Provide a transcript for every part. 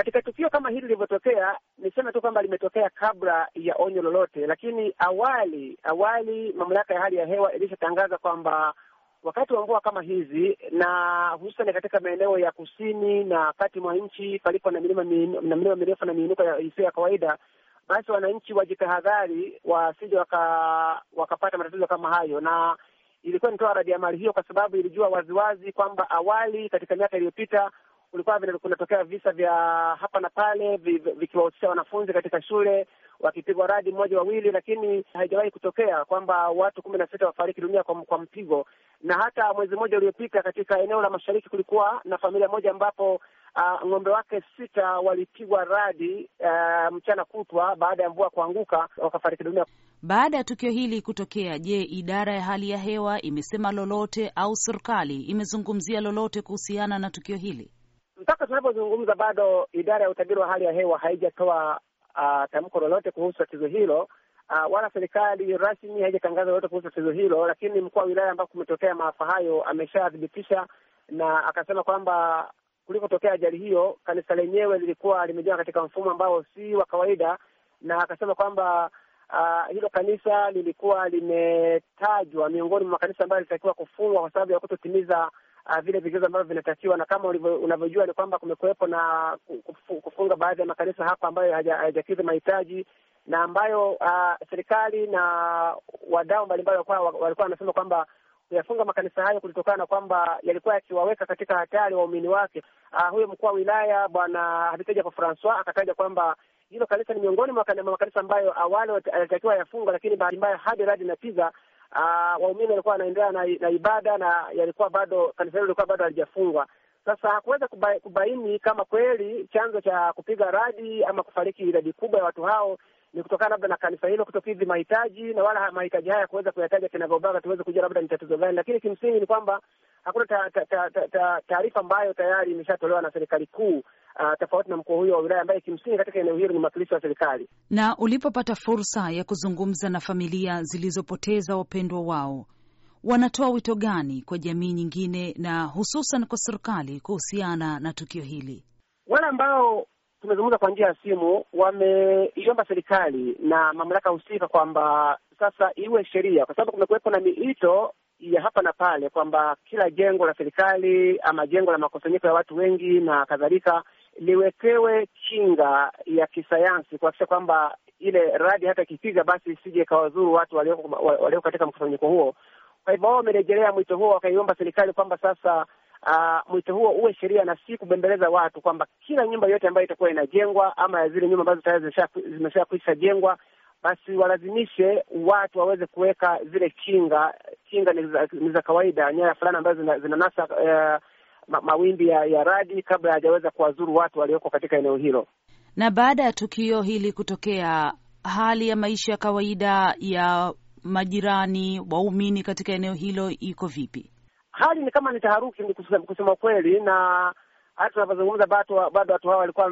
Katika tukio kama hili lilivyotokea, niseme tu kwamba limetokea kabla ya onyo lolote, lakini awali awali mamlaka ya hali ya hewa ilishatangaza kwamba wakati wa mvua kama hizi na hususan katika maeneo ya kusini na kati mwa nchi palipo na milima na milima mirefu na miinuko isiyo ya kawaida, basi wananchi wajitahadhari wasije waka, wakapata matatizo kama hayo, na ilikuwa inatoa radi ya mali hiyo, kwa sababu ilijua waziwazi kwamba awali katika miaka iliyopita kulikuwa vile kunatokea visa vya hapa na pale vikiwahusisha wanafunzi katika shule wakipigwa radi mmoja wawili, lakini haijawahi kutokea kwamba watu kumi na sita wafariki dunia kwa, kwa mpigo. Na hata mwezi mmoja uliopita katika eneo la mashariki kulikuwa na familia moja ambapo uh, ng'ombe wake sita walipigwa radi uh, mchana kutwa baada ya mvua kuanguka wakafariki dunia. Baada ya tukio hili kutokea, je, idara ya hali ya hewa imesema lolote au serikali imezungumzia lolote kuhusiana na tukio hili? Mpaka tunapozungumza bado idara ya utabiri wa hali ya hewa haijatoa uh, tamko lolote kuhusu tatizo hilo uh, wala serikali rasmi haijatangaza lolote kuhusu tatizo hilo, lakini mkuu wa wilaya ambako kumetokea maafa hayo ameshathibitisha na akasema kwamba kulikotokea ajali hiyo kanisa lenyewe lilikuwa limejengwa katika mfumo ambao si wa kawaida, na akasema kwamba uh, hilo kanisa lilikuwa limetajwa miongoni mwa makanisa ambayo lilitakiwa kufungwa kwa sababu ya kutotimiza uh, vile vigezo ambavyo vinatakiwa, na kama unavyojua ni kwamba kumekuwepo na kufunga baadhi ya makanisa hapa ambayo hayajakidhi mahitaji na ambayo uh, serikali na wadau mbalimbali walikuwa wanasema kwamba kuyafunga makanisa hayo kulitokana na kwamba yalikuwa yakiwaweka katika hatari waumini wake. Uh, huyo mkuu wa wilaya Bwana Habitajapo Francois akataja kwamba hilo kanisa ni miongoni mwa makanisa ambayo awali yalitakiwa yafunga lakini bahati mbaya hadi radi na Pisa Ah, waumini walikuwa wanaendelea na, na ibada na yalikuwa bado kanisa hilo lilikuwa bado halijafungwa. Sasa hakuweza kubaini kama kweli chanzo cha kupiga radi ama kufariki idadi kubwa ya watu hao ni kutokana labda na kanisa hilo kutokidhi mahitaji na wala mahitaji haya kuweza kuyataja kinagaubaga tuweze kujua labda ni tatizo gani, lakini kimsingi ni kwamba hakuna taarifa ta, ta, ta, ta, ambayo tayari imeshatolewa na serikali kuu uh, tofauti na mkuu huyo wa wilaya ambaye kimsingi katika eneo hilo ni mwakilishi wa serikali. Na ulipopata fursa ya kuzungumza na familia zilizopoteza wapendwa wao wanatoa wito gani kwa jamii nyingine na hususan kwa serikali kuhusiana na tukio hili? Wale ambao tumezungumza kwa njia ya simu wameiomba serikali na mamlaka husika kwamba sasa iwe sheria, kwa sababu kumekuwepo na miito ya hapa na pale kwamba kila jengo la serikali ama jengo la makusanyiko ya watu wengi na kadhalika liwekewe kinga ya kisayansi kuhakikisha kwamba ile radi hata ikipiga basi isije ikawazuru watu walioko katika mkusanyiko huo. Kwa hivyo wao wamerejelea mwito huo, wakaiomba serikali kwamba sasa Uh, mwito huo uwe sheria na si kubembeleza watu, kwamba kila nyumba yote ambayo itakuwa inajengwa ama zile nyumba ambazo tayari zimesha kuisha jengwa, basi walazimishe watu waweze kuweka zile kinga. Kinga ni za kawaida, nyaya fulani ambazo zinanasa zina eh, uh, mawimbi ya, ya radi kabla hajaweza kuwazuru watu walioko katika eneo hilo. Na baada ya tukio hili kutokea, hali ya maisha ya kawaida ya majirani, waumini katika eneo hilo iko vipi? Hali ni kama ni taharuki, kusema kweli, na hata tunavyozungumza bado watu hao walikuwa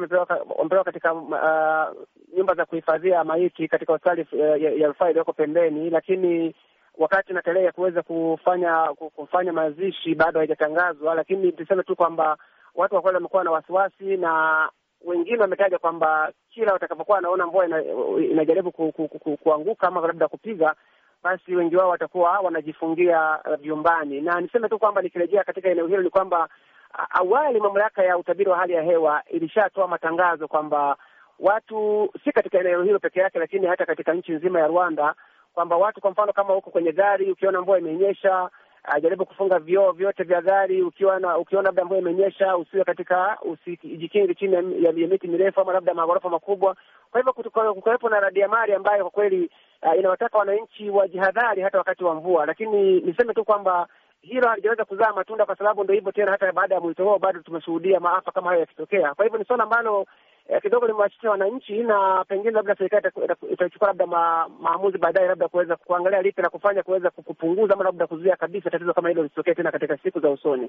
wamepewa katika uh, nyumba za kuhifadhia maiti katika hospitali uh, ya rufaa iliyoko pembeni, lakini wakati na tarehe ya kuweza kufanya kufanya mazishi bado haijatangazwa, lakini tuseme tu kwamba watu wa kweli wamekuwa na wasiwasi, na wengine wametaja kwamba kila watakapokuwa wanaona mvua inajaribu ku, ku, ku, ku, kuanguka ama labda kupiga basi wengi wao watakuwa wanajifungia uh, vyumbani. Na niseme tu kwamba nikirejea katika eneo hilo ni kwamba uh, awali mamlaka ya utabiri wa hali ya hewa ilishatoa matangazo kwamba watu si katika eneo hilo peke yake, lakini hata katika nchi nzima ya Rwanda kwamba watu, kwa mfano, kama huko kwenye gari ukiona mvua imenyesha ajaribu kufunga vioo vyote vya gari. Ukiona ukiona labda mvua imenyesha, usiwe katika usijikinge chini ya miti mirefu ama labda maghorofa makubwa. Kwa hivyo kukawepo na radiamali ambayo kwa kweli uh, inawataka wananchi wajihadhari hata wakati wa mvua, lakini niseme tu kwamba hilo halijaweza kuzaa matunda kwa sababu ndo hivyo tena, hata baada ya mwito huo bado tumeshuhudia maafa kama hayo yakitokea. Kwa hivyo ni suala ambalo eh, kidogo limewashtua wananchi, na pengine labda serikali itachukua labda ma, maamuzi baadaye, labda kuweza kuangalia lipi la kufanya kuweza kupunguza ama labda kuzuia kabisa tatizo kama hilo lisitokee tena katika siku za usoni.